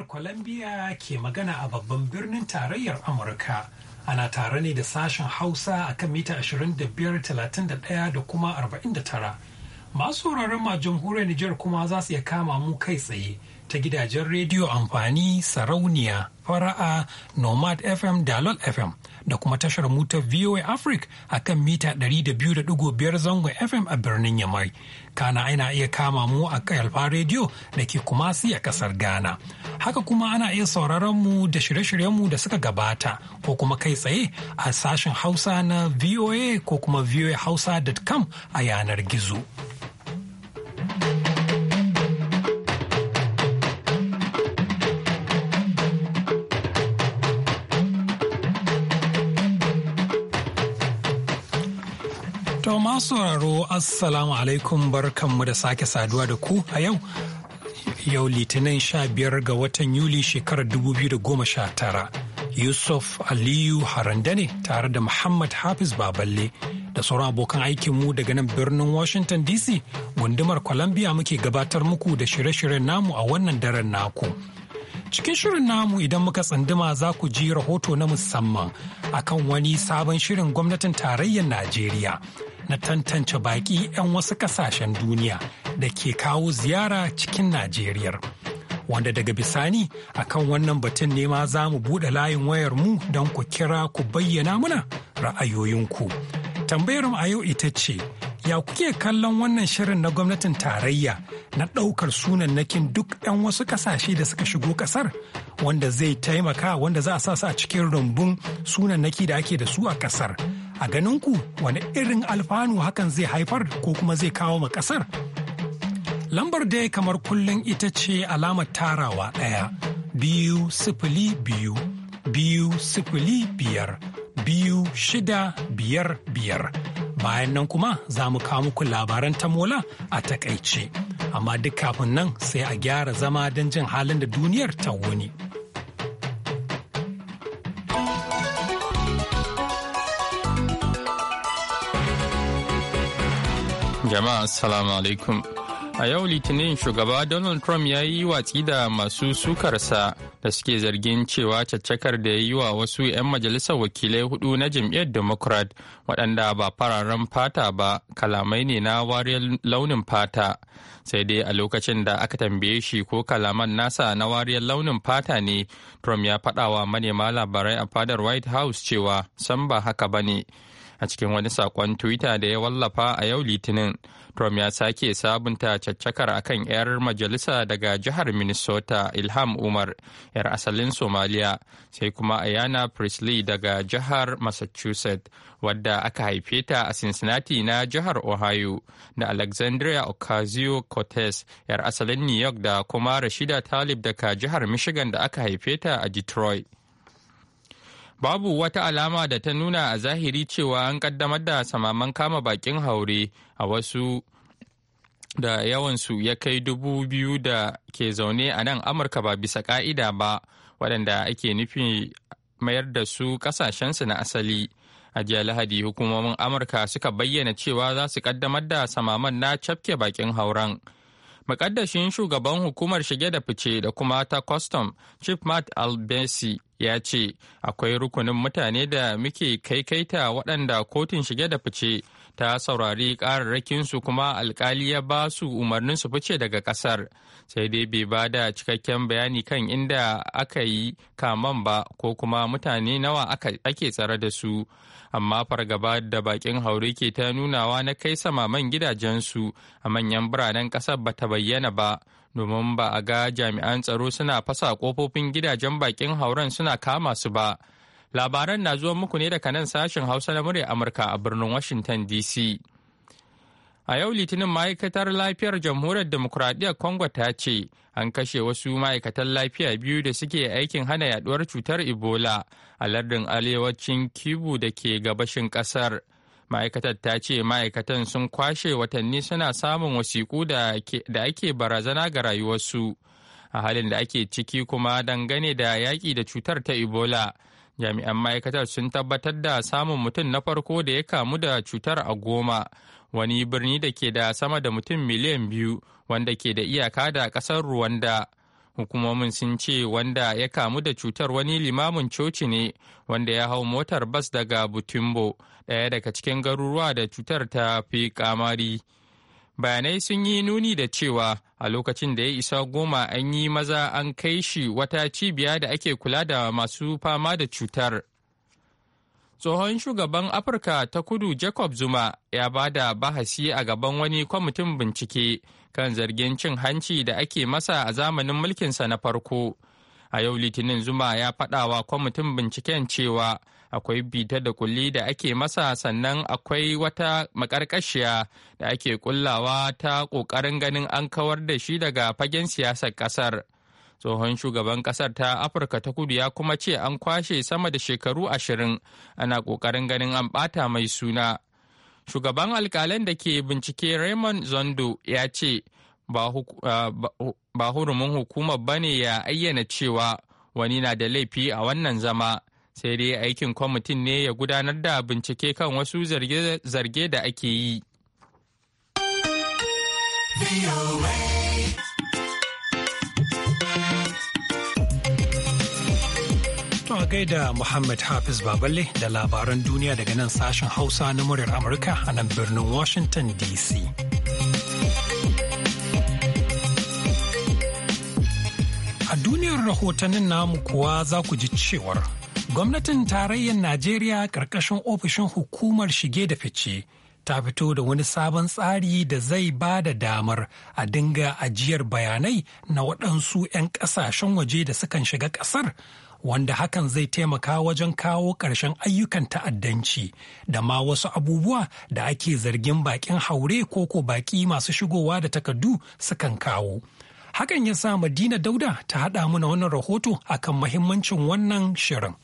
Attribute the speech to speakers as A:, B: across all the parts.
A: jihar Columbia ke magana a babban birnin tarayyar Amurka. Ana tare ne da sashen Hausa a kan mita 25,31 da kuma 49. Masu sauraron ma jamhuriyar Nijar kuma za su iya kama mu kai tsaye ta gidajen rediyo amfani sarauniya fara'a nomad fm dalol fm da kuma tashar mutar voa africa a kan mita 200.5 zangon fm a birnin yamai kana aina iya kama mu a alfa rediyo da ke kumasi a kasar ghana haka kuma ana iya sauraron mu da shirye shiryen mu da suka gabata ko kuma kai tsaye a sashen hausa na voa ko kuma VOA Hausa.com a yanar gizo. To masu sauraro Assalamu alaikum barkanmu da sake saduwa da ku a yau. Yau Litinin sha biyar ga watan Yuli shekarar 2019 Yusuf Aliyu Haranda ne tare da Muhammad Hafiz Baballe da sauran abokan aikinmu daga nan birnin Washington DC gundumar Columbia muke gabatar muku da shirye-shiryen namu a wannan daren naku. Cikin shirin namu idan muka tsanduma za ku ji rahoto na musamman akan wani sabon shirin gwamnatin tarayyar Najeriya na tantance baƙi 'yan wasu ƙasashen duniya da ke kawo ziyara cikin Najeriya. Wanda daga bisani kan wannan batun ne ma za mu buɗe layin wayar mu don ku kira ku bayyana muna ra'ayoyinku. Tambayar mu a yau ita ce, ya kuke kallon wannan shirin na gwamnatin tarayya na ɗaukar sunannakin duk 'yan wasu ƙasashe da suka shigo ƙasar wanda zai taimaka wanda za a sa su a cikin rumbun sunannaki da ake da su a ƙasar. a ganin ku wani irin alfanu hakan zai haifar ko kuma zai kawo ma kasar lambar dai kamar kullum ita ce alamar tarawa ɗaya biyu sifili biyu biyu sifili biyar biyu shida biyar biyar bayan nan kuma za mu kawo muku labaran tamola a takaice amma duk kafin nan sai a gyara zama don jin halin da duniyar ta wuni.
B: Jama'a Assalamu alaikum. A yau Litinin shugaba Donald Trump ya yi watsi da masu sukarsa da suke zargin cewa caccakar da ya yi wa wasu 'yan majalisar wakilai hudu na jam'iyyar Democrat waɗanda ba fararen fata ba kalamai ne na wariyar launin fata. Sai dai a lokacin da aka tambaye shi ko kalaman nasa na wariyar launin fata ne, Trump ya faɗawa manema labarai a fadar White House cewa san ba haka ba ne. a cikin wani saƙon twitter da ya wallafa a yau litinin trump ya sake sabunta caccakar akan 'yar majalisa daga jihar minnesota ilham umar 'yar asalin somalia sai kuma ayana presley daga jihar massachusetts wadda aka haife ta a cincinnati na jihar ohio da alexandria ocasio cortez 'yar asalin new york da kuma rashida talib daga jihar michigan da aka haife ta a detroit Babu wata alama da ta nuna a zahiri cewa an kaddamar da samaman kama bakin haure a wasu da yawansu ya kai dubu biyu da ke zaune a nan Amurka ba bisa ka'ida ba waɗanda ake nufi mayar da su ƙasashensu na asali. A jiya Lahadi hukumomin Amurka suka bayyana cewa za su kaddamar da samaman na cafke bakin hauren. Makaddashin shugaban hukumar shige da fice da kuma ta custom Chief Matt Albesi ya ce akwai rukunin mutane da muke kaikaita waɗanda kotun shige da fice ta saurari su kuma alkali ya ba su umarnin su fice daga ƙasar sai dai bai ba da cikakken bayani kan inda aka yi kaman ba ko kuma mutane nawa ake tsare da su amma fargaba da bakin haure ke ta nunawa na kai sama man gidajensu a manyan biranen ƙasar ta bayyana ba domin ba a ga jami'an tsaro suna fasa kofofin gidajen bakin hauren suna kama su ba. Labaran na zuwa muku ne daga nan sashen Hausa na murya Amurka a birnin Washington DC. A yau Litinin ma'aikatar lafiyar jamhuriyar demokuraɗiyyar Congo ta ce an kashe wasu ma'aikatan lafiya biyu da suke aikin hana yaduwar cutar Ebola a lardin alewacin kibu da ke gabashin kasar Ma'aikatar ta ce ma'aikatan sun kwashe watanni suna samun wasiku da ake barazana ga rayuwarsu. A halin da ake ciki kuma dangane da yaƙi da cutar ta Ebola, jami'an ma'aikatar sun tabbatar da samun mutum na farko da ya kamu da cutar a goma wani birni da ke da sama da mutum miliyan biyu wanda ke da iyaka da ƙasar ruwanda hukumomin sun ce wanda ya kamu da cutar wani limamin coci ne wanda ya hau motar bas daga butumbo ɗaya daga cikin garuruwa da cutar ta fi kamari bayanai sun yi nuni da cewa a lokacin da ya isa goma an yi maza an kai shi wata cibiya da ake kula da masu fama da cutar tsohon shugaban afirka ta kudu jacob zuma ya ba da bahasi a gaban wani kwamitin bincike kan zargin cin hanci da ake masa a zamanin mulkinsa na farko a yau litinin zuma ya faɗawa kwamitin binciken cewa akwai bita da kulli da ake masa sannan akwai wata makarkashiya da ake kullawa ta ƙoƙarin ganin an kawar da shi daga fagen siyasar ƙasar tsohon shugaban ƙasar ta afirka ta kudu ya kuma ce an kwashe sama da shekaru ashirin ana ƙoƙarin ganin an ɓata mai suna shugaban alkalin da ke bincike raymond zondo ya ce ba hurumin hukumar ne ya ayyana cewa wani na da laifi a wannan zama sai dai aikin kwamitin ne ya gudanar da bincike kan wasu zarge da ake yi.
A: To gaida Muhammad Hafiz Baballe da labaran duniya daga nan sashen Hausa na muryar Amurka a nan birnin Washington DC. duniyar rahotannin namu kuwa za ku ji cewar gwamnatin tarayyar najeriya ƙarƙashin ofishin hukumar shige da fice ta fito da wani sabon tsari da zai ba da damar a dinga ajiyar bayanai na waɗansu 'yan ƙasashen waje da sukan shiga ƙasar wanda hakan zai taimaka wajen kawo ƙarshen ayyukan ta'addanci da ma wasu abubuwa da ake zargin baƙin haure ko ko baki masu shigowa da takardu sukan kawo. Hakan ya sa Madina Dauda ta haɗa mana wannan rahoto akan mahimmancin wannan shirin.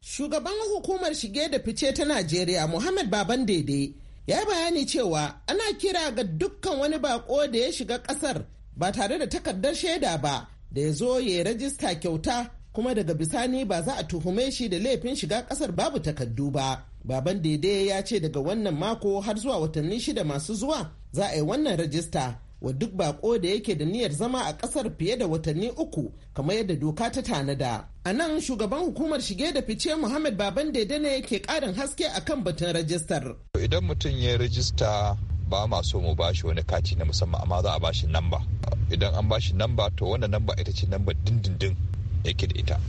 C: Shugaban hukumar shige da fice ta Najeriya Muhammad Baban Dede ya bayani cewa ana kira ga dukkan wani bako da ya shiga ƙasar ba tare da takardar shaida ba da ya zo ya rajista kyauta kuma daga bisani ba za a tuhume shi da laifin shiga ƙasar babu takardu ba. Baban Dede ya ce daga wannan mako har zuwa watanni shida masu zuwa za a yi wannan rajista wa duk bako da yake da niyyar zama a kasar fiye da watanni uku kamar yadda doka ta tanada. A nan shugaban hukumar shige da fice Muhammad Baban Dede ne yake karin haske a kan batun rajistar.
D: Idan mutum ya rajista ba ma so mu bashi wani kati na musamman amma za a bashi namba. Idan an bashi namba to wannan namba ita ce namba dindindin yake da ita.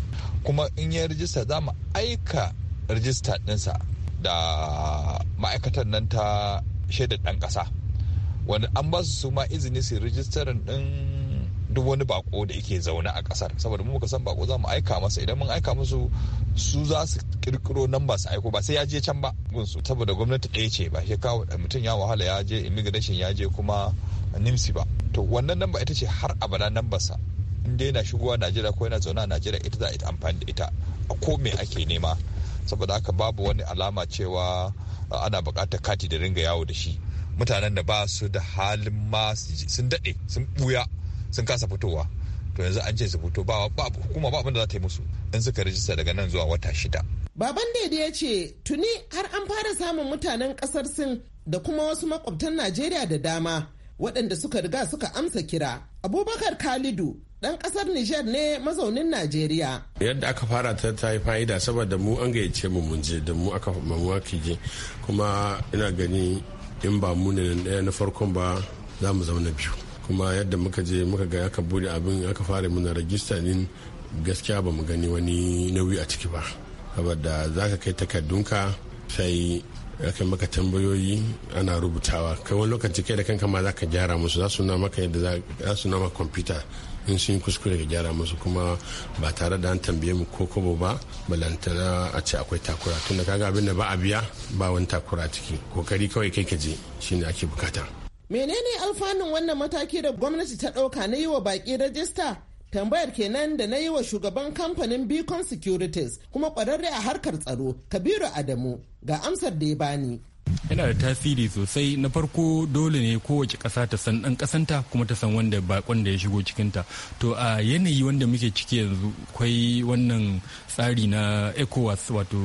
D: Kuma in ya rajista za mu aika rajista ɗinsa da ma'aikatar nan ta shaidar ɗan ƙasa. wanda an ba su ma izini su rijistarin din duk wani bako da yake zaune a kasar saboda mu muka san bako za mu aika masa idan mun aika musu su za su kirkiro nan ba su aiko ba sai ya je can ba gunsu saboda gwamnati ɗaya ce ba shi kawo mutum ya wahala ya je immigration ya je kuma nimsi ba to wannan namba ita ce har abada nambarsa in dai yana shigowa najeriya ko yana zaune a najeriya ita za a yi amfani da ita a ko me ake nema saboda haka babu wani alama cewa ana bukatar kati da ringa yawo da shi mutanen da ba su da halin ma sun daɗe sun ɓuya sun kasa fitowa to yanzu an ce su fito ba hukuma ba abin za ta yi musu in suka rijista daga nan zuwa wata shida.
C: baban daidai ya ce tuni har an fara samun mutanen kasar sin da kuma wasu makwabtan najeriya da dama waɗanda suka riga suka amsa kira abubakar kalidu ɗan ƙasar niger ne mazaunin najeriya
E: yadda aka fara ta ta yi fa'ida saboda mu an gayyace mu mun je da mu aka mamuwa je kuma ina gani in ba mu ne ɗaya na farkon ba za mu zama biyu kuma yadda muka je muka ga aka abin aka fara muna rajista din gaskiya ba mu gani wani nauyi a ciki ba saboda za ka kai takardunka sai aka maka tambayoyi ana rubutawa kai wani lokaci kai da kanka ma za ka gyara musu za su maka za su na maka kwamfuta in sun yi kuskure ga gyara musu kuma ba tare da an tambaye mu ko kobo ba balantana a ce akwai takura tunda kaga abin da ba a biya ba wani takura ciki kokari kawai kai ka je shine ake bukata
C: menene alfanun wannan mataki da gwamnati ta dauka na yi wa baƙi rajista tambayar kenan da na yi wa shugaban kamfanin beacon securities kuma kwararre a harkar tsaro kabiru adamu ga amsar da ya bani
B: yana da tasiri sosai na farko dole ne kowace ƙasa ta san ɗan ƙasanta kuma ta san wanda bakon da ya shigo cikinta to a yanayi wanda muke ciki yanzu kwai wannan tsari na ecowas wato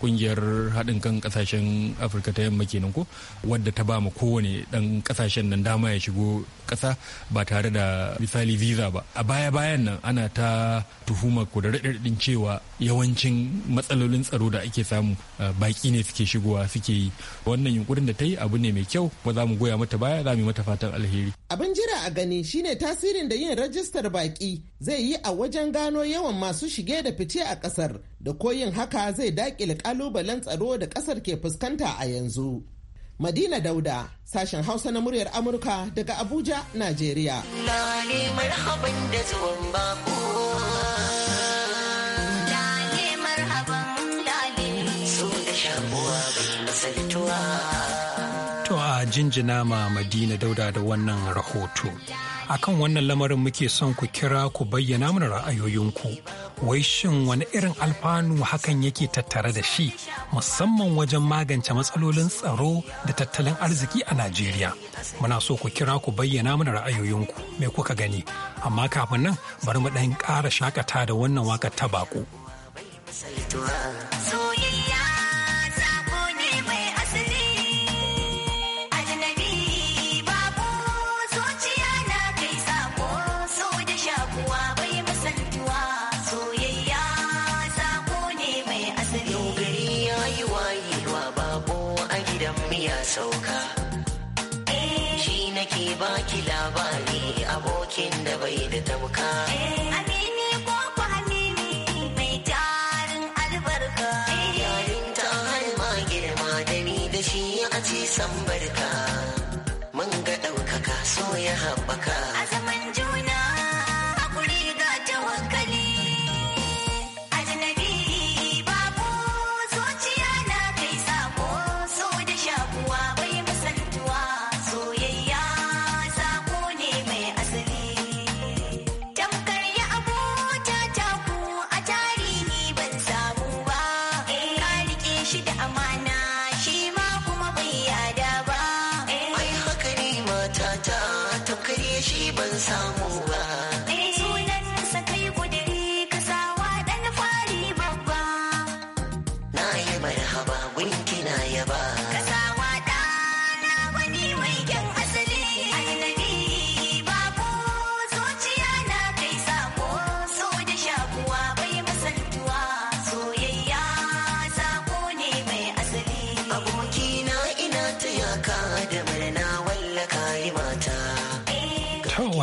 B: kungiyar haɗin kan ƙasashen afirka ta yamma kenan ko wadda ta ba mu kowane ɗan ƙasashen nan dama ya shigo ƙasa ba tare da misali visa ba a baya bayan nan ana ta tuhuma ko da raɗaɗin cewa yawancin matsalolin tsaro da ake samu baki ne suke shigowa suke yi wannan yunkurin da ta yi abu ne mai kyau ba za mu goya mata baya za mu yi mata fatan alheri
C: abin jira a gani shine tasirin da yin rajistar baki zai yi a wajen gano yawan masu shige da fice a kasar da koyin haka zai dakile kalubalen tsaro da kasar ke fuskanta a yanzu Madina Dauda, sashen Hausa na muryar Amurka daga Abuja, Najeriya.
F: Na da zuwan bako. to
A: a jinjina ma madina dauda da wannan rahoto akan wannan lamarin muke son ku kira ku bayyana mana ra'ayoyinku wai shin wani irin alfanu hakan yake tattare da shi musamman wajen magance matsalolin tsaro da tattalin arziki a najeriya muna so ku kira ku bayyana mana ra'ayoyinku mai kuka gani amma kafin nan bari mu ɗan ƙara shakata da wannan waka ta baƙo.
F: sauka eh, shi nake baki labari abokin da bai da tamka eh, amini ko ku amini mai tarin albarka eh, yarinta har ma girma da ni da shi a ci san barka mun ga ɗaukaka so ya haɓaka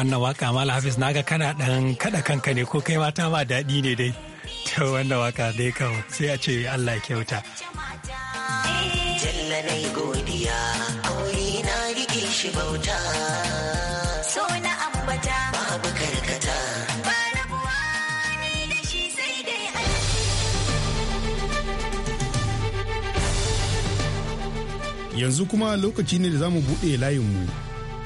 A: wannan waka ma hafiz naga kana dan kada kanka ne ko kai mata ma daɗi ne dai ta wannan waka dai kawo sai a ce allah kyauta
E: Yanzu kuma lokaci ne da za mu buɗe layinmu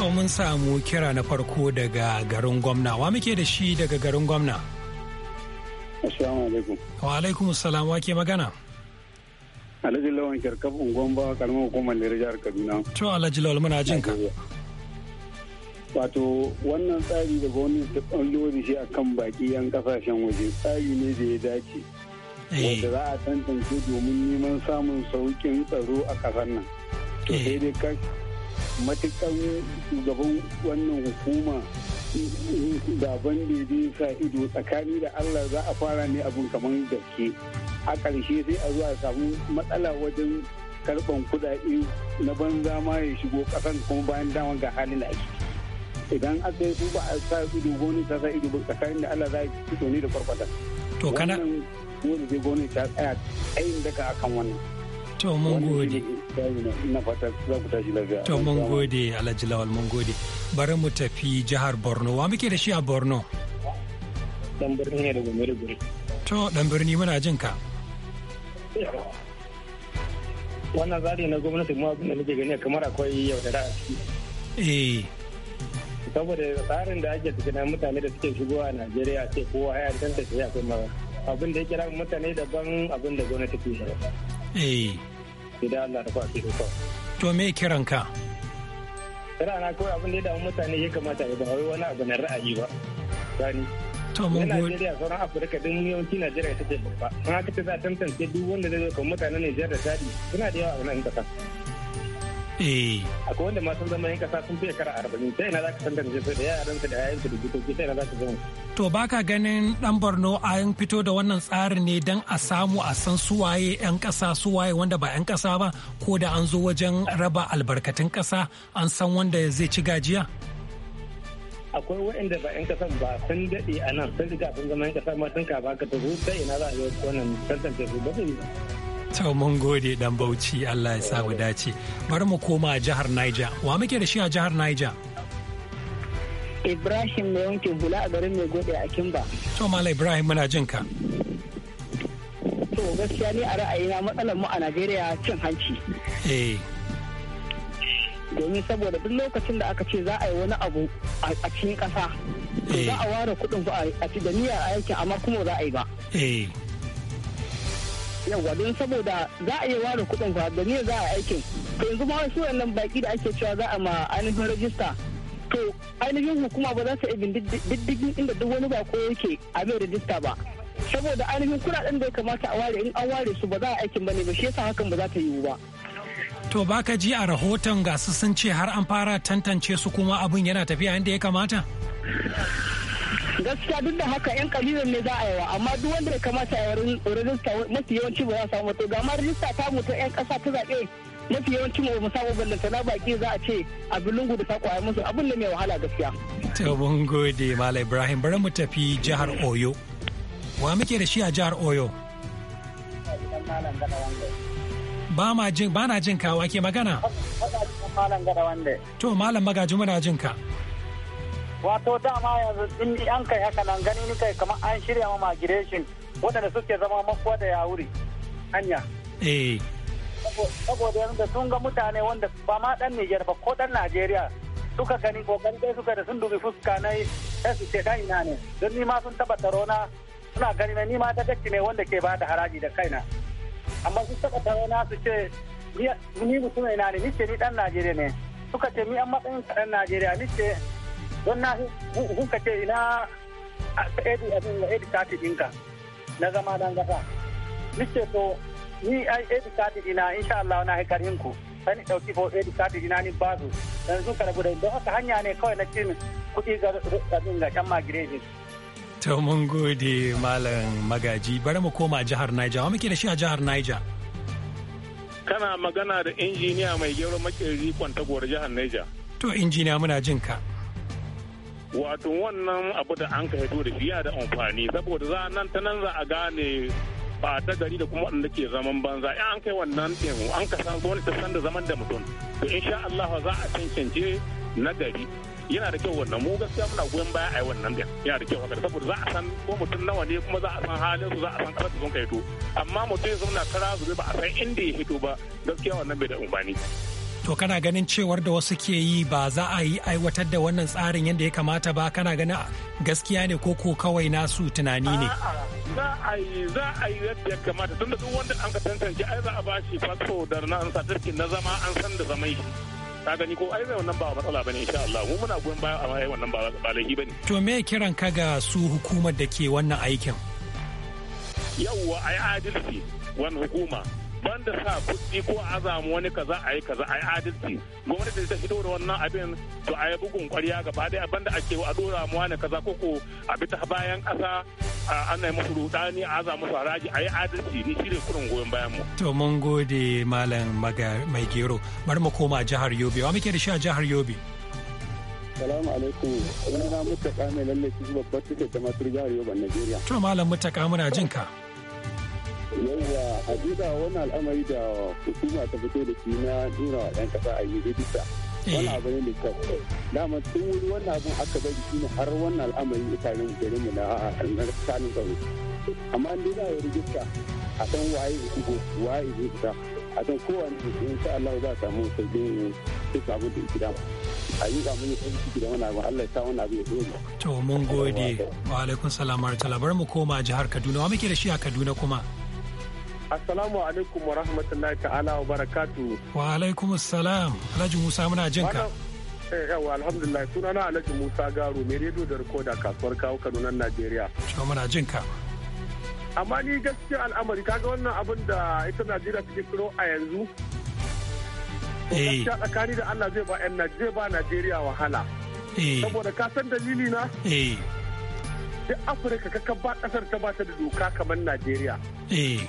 A: To mun samu kira na farko daga garin gwamna. Wa muke da shi daga garin gwamna? Assalamu alaikum. Wa alaikum salam wa ke magana?
E: Alhaji Lawan Kirkaf Ungomba kalmar hukumar da jihar Kaduna.
A: To Alhaji Lawan muna jin ka.
E: Wato wannan tsari da gwamnati ta tsallo da shi akan baki yan kasashen waje tsari ne da ya dace. Eh. Wanda za a tantance domin neman samun sauƙin tsaro a ƙasar nan. To eh. sai dai matukan shugaban wannan hukuma da da ya sa ido tsakani da allah za a fara ne abin kamar gaske a ƙarshe sai a zuwa samu matsala wajen karɓan kuɗaɗe na banza ma ya shigo ƙasan kuma bayan dama ga halin da ake idan aka yi ba a sa ido goni ta sa ido ba tsakanin da allah za a fito ne da kwarkwata to kana wannan goni ta tsaya tsayin daga akan wannan to mun gode To mun
A: gode Alhaji Lawal mun gode. Bari mu tafi jihar Borno. Wa muke da shi a Borno?
E: Dan birni ne daga Maiduguri.
A: To dan birni muna jin ka.
E: Wannan zari na gwamnati mu abin da nake gani kamar akwai yaudara a ciki. Eh. Saboda tsarin da ake tafi na mutane da suke shigowa a Najeriya ce kowa ya tantance ya kuma abin da ya kira mutane daban abin da gwamnati ke. Eh. idan Allah da kwafi da
A: To me kiran ka?
E: Kira na kawai abin da ya damu mutane ya kamata ya bawai wani abu na ra'ayi ba. Gani. To mun gode. Najeriya sauran Afirka din yawanci Najeriya ta ce babba. An haka ta za a tantance duk wanda zai zo kan mutanen Nijar da Sadi suna da yawa a wannan ƙasa. Eh. akwai wanda ma sun zama yan sun fiye kara arba'in sai na za ka tantance su da yaran su da yayan su da jikoki sai na za ka zama
A: to baka ganin dan Borno yin fito da wannan tsarin ne don a samu a san suwaye yan kasa suwaye wanda ba yan kasa ba ko da an zo wajen raba albarkatun kasa an san wanda zai ci gajiya
E: akwai waɗanda ba 'yan kasa ba sun daɗe a nan sun riga sun zama 'yan kasa ma sun ka ba ka tafi sai ina za a yi wannan tantance su ba zai yi ba
A: To mun gode dan Bauchi Allah ya sa mu dace. Bari mu koma jihar Niger. Wa muke da shi a jihar Niger?
F: Ibrahim mai wanke hula a garin mai gode a Kimba.
A: To Malam Ibrahim muna jin ka.
F: To gaskiya ni a ra'ayina matsalar
E: mu a Najeriya cin hanci. Eh. Domin saboda duk lokacin da aka ce za a yi wani abu a cikin kasa. Za a eh. ware kuɗin ba a ci da niyyar aiki amma kuma za a yi ba. Eh. yawa don saboda za a iya ware kuɗin fa da za a aikin to yanzu ma wasu wannan baki da ake cewa za a ma ainihin rajista to ainihin hukuma ba za ta ibin diddigin inda duk wani bako yake a mai rajista ba saboda ainihin kuɗaɗen da ya kamata a ware in an ware su ba za a aikin ba ne ba shi yasa hakan ba za ta yiwu ba
A: To baka ji a rahoton gasu sun ce har an fara tantance su kuma abun yana tafiya yadda ya kamata?
E: gaskiya duk da haka yan kalilan ne za a yi wa amma duk wanda ya kamata ya rajista mafi yawanci ba za a samu to ga ma rajista ta mutu yan kasa ta zaɓe mafi yawanci mu samu ballanta na baki za a ce a lungu da sako a musu abin da mai wahala gaskiya.
A: ta mun gode malam ibrahim bari mu tafi jihar oyo wa muke da shi a jihar oyo. ba ma jin ba na jin ka wa ke magana. to malam magaji muna jin ka.
E: wato dama yanzu in an kai haka nan gani ni kai kamar an shirya ma migration waɗanda suke zama makuwa da yawuri hanya eh saboda yanzu sun ga mutane wanda ba ma dan Nijar ba ko dan Najeriya suka gani kokarin dai suka da sun dubi fuska na sai su ce dan ina ne don ni ma sun taba taro na suna gani na ni ma ta ne wanda ke ba da haraji da kaina amma sun taba taro na su ce ni mutum ina ne ni ce ni dan Najeriya ne suka ce ni an matsayin dan Najeriya ni ce don na kuka ce ina a edi abin da edi kati ɗinka na zama dan gasa nike to ni ai edi kati ina insha Allah na haikarin ku sai ni ɗauki ko edi kati ina ni bazu yanzu ka rabu da don haka hanya ne kawai na cin kudi ga abin ga can magireji.
A: To mun gode Malam Magaji bari mu koma jihar Niger. Wa muke da shi a jihar Niger?
E: Kana magana da injiniya mai gero makeri kwantagowar jihar Niger.
A: To injiniya muna jin ka.
E: wato wannan abu da an ka hito da fiya da amfani saboda za nan ta nan za a gane ba ta gari da kuma wanda ke zaman banza in an kai wannan ɗin an ka san wani ta san da zaman da mutum to insha Allah za a cancance na gari yana da kyau wannan mu gaskiya muna goyon baya a wannan din yana da kyau haka saboda za a san ko mutum nawa ne kuma za a san halin su za a san kasar sun kai to amma mutum ya zauna kara zube ba a san inda ya hito ba gaskiya wannan bai da umfani.
A: to kana ganin cewar da wasu ke yi ba za a yi aiwatar da wannan tsarin yadda ya kamata ba kana ganin gaskiya ne ko ko kawai nasu tunani ne
E: za a yi za a yi yadda ya kamata tunda duk wanda an ka tantance ai za a ba shi fasfo da na satirkin na zama an san da zamai ta gani ko ai wannan ba matsala bane insha Allah mu muna goyon baya amma ai wannan ba ba laifi bane
A: to me kiran ka ga su hukumar da ke wannan aikin
E: yawwa ai adalci wani hukuma banda sa kuɗi ko azamu wani kaza a yi kaza a yi adalci gwamnati ta fito da wannan abin to a yi bugun kwarya gaba ban banda ake a dora mu wani kaza ko a bi ta bayan ƙasa ana yi musu rudani a azamu su haraji a yi adalci ni shi ne kurin goyon bayan mu.
A: to mun gode malam mai gero bari mu koma jihar yobe wa muke da shi a jihar yobe.
E: Salamu alaikum, ina mutaka mai lallaki babbar ta jama'a jihar Yobe, Najeriya.
A: To malam mutaka muna jin ka.
E: yawwa hakika wannan al'amari da hukuma ta fito da shi na nuna wa ɗan ƙasa a yi rijista wani eh. abu ne mai kyau dama tun wuri wannan abin aka bari shi har wannan al'amari mutanen garin mu na tsanin tsaro amma an dai za a yi rijista a san waye shigo waye zai fita a san kowane in sha Allah za a samu sabbin duk abin da gida a yi ga mun yi da wani abu Allah ya sa wani abu ya zo.
A: to mun gode wa alaikum salam ta labar mu koma jihar Kaduna wa muke da shi a Kaduna kuma
E: Assalamu alaikum wa
A: rahmatullahi
E: ta'ala wa barakatu.
A: Wa alaikum assalam. Alhaji Musa muna jin ka.
E: Eh, Yawa alhamdulillah sunana Alhaji Musa Garu mai rediyo da rikoda kasuwar kawo Kano nan Najeriya. Shi muna jin ka. Amma ni gaskiya al'amari kaga wannan abin da ita Najeriya take kiro a yanzu.
A: Eh. tsakani
E: da Allah zai ba yan Najeriya ba Najeriya wahala. Eh. Saboda ka san dalili na? Eh. Duk Afirka ka ba kasar ta ba ta da doka kamar Najeriya. Eh.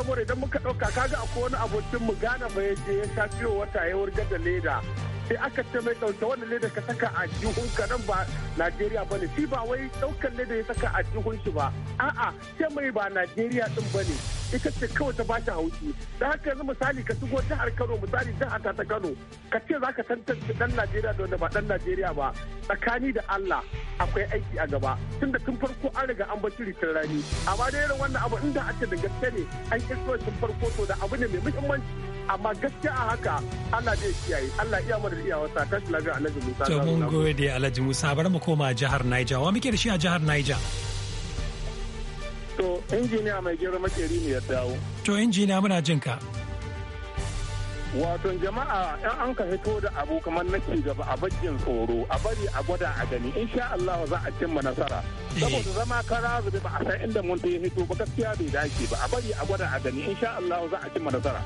E: saboda idan muka ɗauka kaga a wani abokin mu gana ba ya je ya sha ciwo wata ya wurgar da leda sai aka ce mai ɗauke wani leda ka saka a jihun ka nan ba Najeriya ba ne shi ba wai ɗaukar leda ya saka a jihun shi ba a'a ce mai ba Najeriya ɗin ba ne ita ce kawai ta bashi haushi da haka yanzu misali ka shigo jihar kano misali jihar ta ta kano ka ce za ka tantance dan najeriya da ba dan najeriya ba tsakani da allah akwai aiki a gaba tunda tun farko an riga an bar shiri tun rani amma da irin wannan abu inda a ce da gaske ne an kirkiro tun farko to da abu ne mai muhimmanci amma gaskiya a haka allah zai kiyaye allah iya mana iyawarsa ta shi lafiya alhaji musa to mun gode
A: alhaji musa bar mu koma jihar niger wa muke da shi a jihar niger
E: to injiniya mai gero makeri ne ya dawo
A: to injiniya muna jin ka
E: wato jama'a yan an ka hito da abu kamar na ci gaba a bajin tsoro a bari a gwada a gani sha Allah za a cimma nasara eh. saboda zama kara zube ba a san inda mun ta hito ba gaskiya bai dace ba a bari a gwada a gani sha Allah za a cimma nasara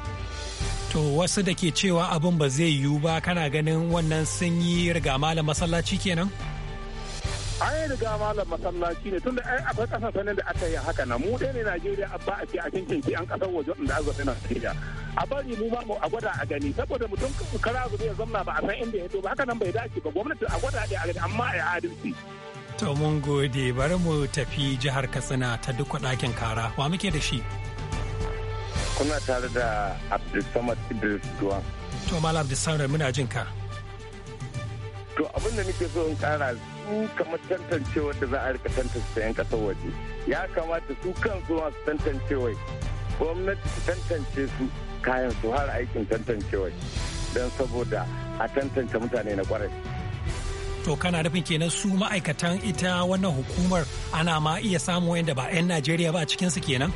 A: to wasu da ke cewa abin ba zai yiwu ba kana ganin wannan sun yi riga malam masallaci kenan
E: an riga malam masallaci ne tunda ai akwai sanin da aka yi haka na mu ɗaya ne najeriya abba a ce a cikin ki an kasar waje da azumi na najeriya a bari mu ma mu a gwada a gani saboda mutum kara zu ya zamna ba a san inda ya to ba haka nan bai dace ba gwamnati a gwada da a gani amma a adalci.
A: to mun gode bari mu tafi jihar katsina ta duk ɗakin kara wa muke da shi.
E: kuna tare da Samad idris duwan.
A: to malam abdulsamad muna
E: jin ka. to abin da nake so in kara su kamar tantancewa da za a rika tantance yan kasar waje ya kamata su kansu masu tantancewa gwamnati su tantance su kayan su har aikin tantancewa don saboda a tantance mutane na kwarai
A: to kana nufin kenan su ma'aikatan ita wannan hukumar ana ma iya samu wanda ba 'yan najeriya ba a cikinsu kenan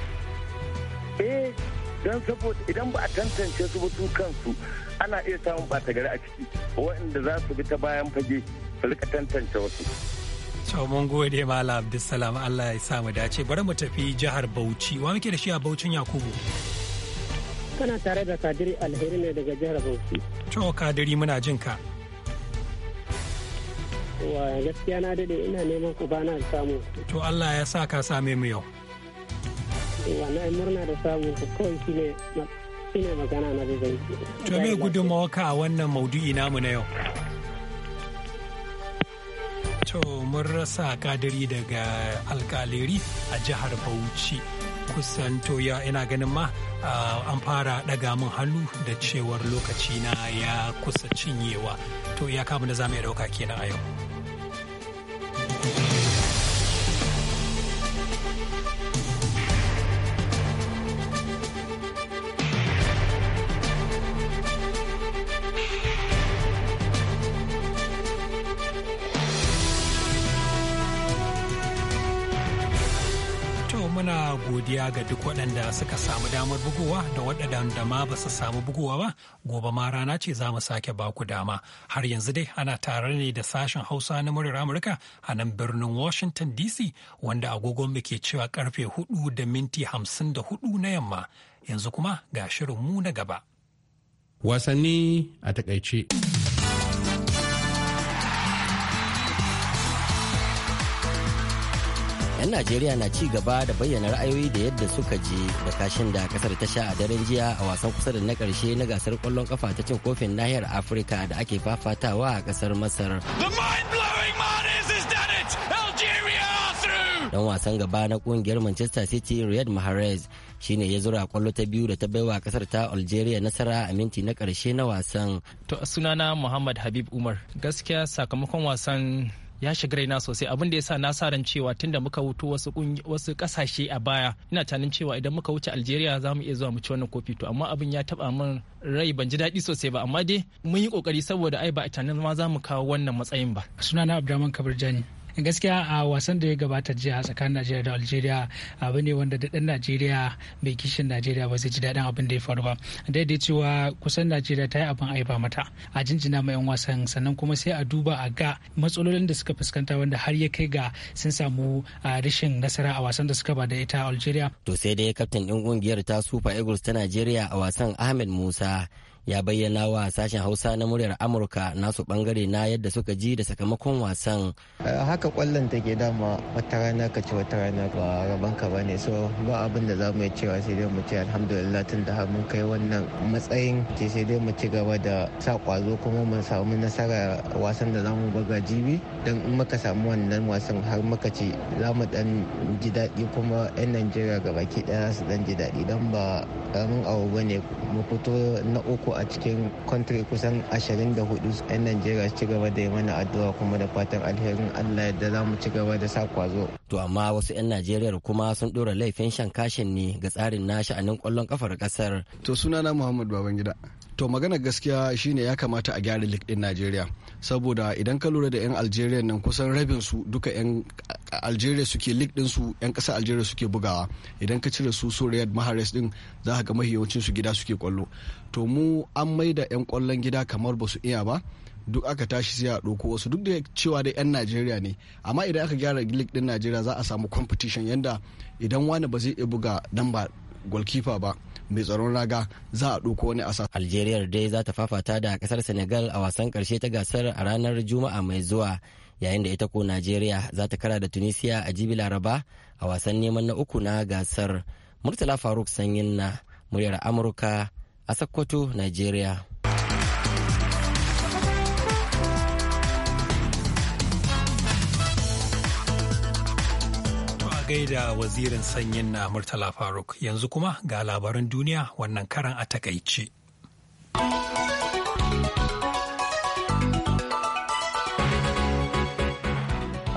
E: don saboda idan ba a tantance su ba su kansu ana iya samun batagari gari a ciki waɗanda za su bi ta bayan fage su rika tantance wasu.
A: To mun gode Malam Abdulsalam Allah ya sa mu dace bari mu tafi jihar Bauchi wa muke da shi a Bauchin Yakubu. Kana tare da Kadiri Alheri ne daga jihar Bauchi. To Kadiri muna jin ka.
F: Wa gaskiya na dade ina neman ku bana samu.
A: To Allah ya sa ka same mu yau.
F: yawa na da samun shine magana na zai to me
A: gudunmawa ka a wannan maudu'i namu na yau to mun rasa kadiri daga alkaleri a jihar bauchi kusan to ya ina ganin ma an fara ɗaga mun hannu da cewar lokaci na ya kusa cinyewa to ya kama da za mu ɗauka kenan a yau. godiya ga duk waɗanda suka samu damar bugowa da waɗanda ma ba su samu bugowa ba gobe ma rana ce za mu sake baku dama har yanzu dai ana tare ne da sashen hausa na muryar amurka a nan birnin washington dc wanda agogon mu ke cewa karfe hudu da minti hamsin da hudu na yamma yanzu kuma ga shirin mu na gaba
D: wasanni a takaice
F: 'yan najeriya na ci gaba da bayyana ra'ayoyi da yadda suka je da kashin da kasar ta sha a daren jiya a wasan kusa da na karshe na gasar kwallon kafa ta cin kofin nahiyar afirka da ake fafatawa a kasar masar dan wasan gaba na kungiyar manchester city riyad mahrez shine ya zura kwallo ta biyu da ta baiwa kasar ta algeria nasara a minti na karshe na wasan
B: to sunana muhammad habib umar gaskiya sakamakon wasan ya shiga raina sosai abin da ya sa na sa ran cewa da muka wuto wasu kasashe a baya ina tunanin cewa idan muka wuce Algeria za mu iya zuwa mu ci wannan kofi to amma abin ya taba min rai ban ji daɗi sosai ba amma dai mun yi kokari saboda ai ba a tunanin ma za mu kawo wannan matsayin ba
A: sunana Abdulrahman Kabirjani gaskiya a wasan da ya gabata jiya a tsakanin najeriya da algeria abu ne wanda da najeriya mai kishin najeriya ba zai ji daɗin abin da ya faru ba daidai cewa kusan najeriya ta yi abin aiba mata a jinjina ma 'yan wasan sannan kuma sai a duba a ga matsalolin da suka fuskanta wanda har ya kai ga sun samu rashin nasara a wasan da suka ba da ita algeria
F: to sai dai kaftan ɗin kungiyar ta super eagles ta najeriya a wasan ahmed musa ya bayyana wa sashen hausa na muryar amurka nasu bangare na yadda suka ji da sakamakon wasan eh, haka kwallon ke dama wata rana ka ci wata rana ba rabon ka bane so ba abin da za mu yi cewa sai dai mu ce alhamdulillah tun da mun kai
C: wannan matsayin ce sai dai mu ci gaba da sa kwazo kuma mu samu nasara wasan da za mu buga jibi don in muka samu wannan wasan har muka ci za mu dan ji daɗi kuma 'yan najeriya gabaki ɗaya su dan ji daɗi don ba karamin abu ne mu fito na uku a cikin kwantar kusan 24 'yan najeriya ci gaba da
F: yi mana addu'a kuma da fatan alherin allah yadda za mu ci gaba da sa kwazo to amma wasu 'yan najeriya kuma sun dora laifin shan kashin ne ga tsarin na sha'anin kwallon kafar kasar to sunana muhammad babangida to magana gaskiya shine ya kamata a gyara lik din najeriya saboda idan ka lura da 'yan algeria nan kusan rabin su duka 'yan algeria suke lik din su yan kasa algeria suke bugawa idan ka cire su su riyad mahrez din za ka ga mahiyawancin su gida suke kwallo to mu an maida yan kwallon gida kamar ba su iya ba duk aka tashi sai a doko wasu duk da cewa da 'yan najeriya ne amma idan aka gyara lik din najeriya za a samu competition yanda idan wani ba zai iya buga dan ba goalkeeper ba mai tsaron raga za a doko wani asa. algeria dai za ta fafata da kasar senegal a wasan karshe ta gasar a ranar juma'a mai zuwa yayin da ita ko najeriya za ta kara da tunisia a jibi laraba a wasan neman na uku na gasar murtala faruk sanyin na muryar amurka a Sokoto, najeriya
A: gaida wazirin sanyin na murtala faruk yanzu kuma ga labaran duniya wannan karan a
B: takaice.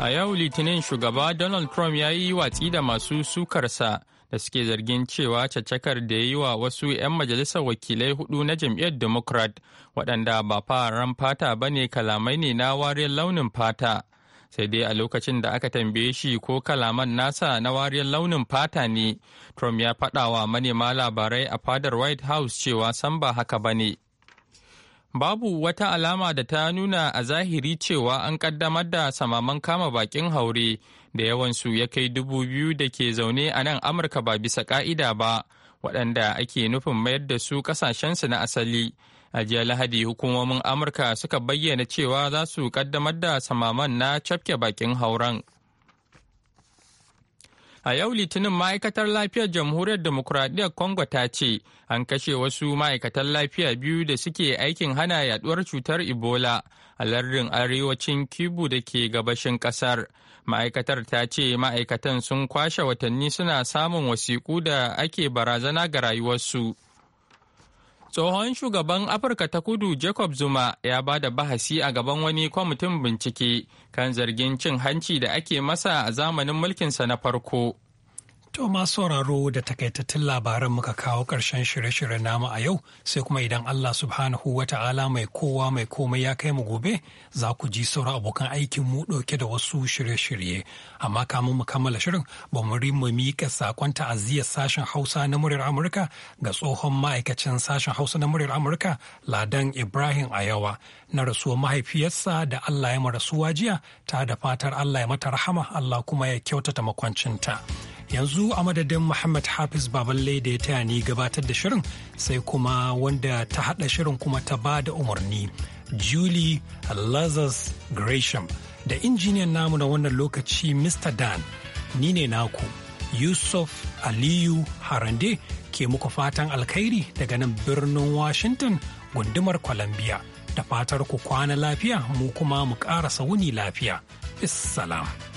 B: A yau Litinin shugaba Donald Trump ya yi watsi da masu sukarsa da suke zargin cewa caccakar da ya yi wa wasu 'yan majalisar wakilai hudu na jam'iyyar Democrat waɗanda ba fararen fata ba ne kalamai ne na wariyar launin fata. Sai dai a lokacin da aka tambaye shi ko kalaman nasa na wariyar launin fata ne, Trump ya faɗa wa manema labarai a fadar White House cewa san ba haka ba ne. babu wata alama da ta nuna a zahiri cewa an kaddamar da samaman kama bakin haure da yawansu ya kai dubu biyu da ke zaune a nan amurka ba bisa ka'ida ba waɗanda ake nufin mayar da su ƙasashensu na asali a jiya lahadi hukumomin amurka suka bayyana cewa za su kaddamar da samaman na cafke bakin hauren A yau Litinin ma'aikatar lafiyar Jamhuriyar Demokuraɗiyyar Congo ta ce an kashe wasu ma'aikatan lafiya biyu da suke aikin hana yaduwar cutar Ebola a lardin arewacin Kibu da ke gabashin ƙasar. Ma'aikatar ta ce ma'aikatan sun kwashe watanni suna samun wasiƙu da ake barazana ga rayuwarsu. Tsohon shugaban Afirka ta kudu Jacob Zuma ya ba da bahasi a gaban wani kwamitin bincike kan zargin cin hanci da ake masa a zamanin mulkinsa na farko.
A: To masu sauraro da takaitattun labaran muka kawo ƙarshen shirye-shiryen nama a yau sai kuma idan Allah subhanahu wa ta'ala mai kowa mai komai ya kai mu gobe za ku ji sauran abokan aikin mu ɗauke da wasu shirye-shirye. Amma kamun mu kammala shirin ba mu mu miƙa sakon ta'aziyyar sashen Hausa na muryar Amurka ga tsohon ma'aikacin sashen Hausa na muryar Amurka Ladan Ibrahim Ayawa na rasuwar mahaifiyarsa da Allah ya rasuwa jiya ta da fatar Allah ya mata rahama Allah kuma ya kyautata makwancinta. yanzu a madadin Muhammad Hafiz Baballe da ya taya ni gabatar da shirin sai kuma wanda ta haɗa shirin kuma ta ba da umarni Julie Lazarus Gresham da injiniyan namu na wannan lokaci Mr. Dan ni ne naku Yusuf Aliyu Harande ke muku fatan alkhairi daga nan birnin Washington gundumar Columbia da fatar ku kwana lafiya mu kuma mu ƙara wuni lafiya. Issalam.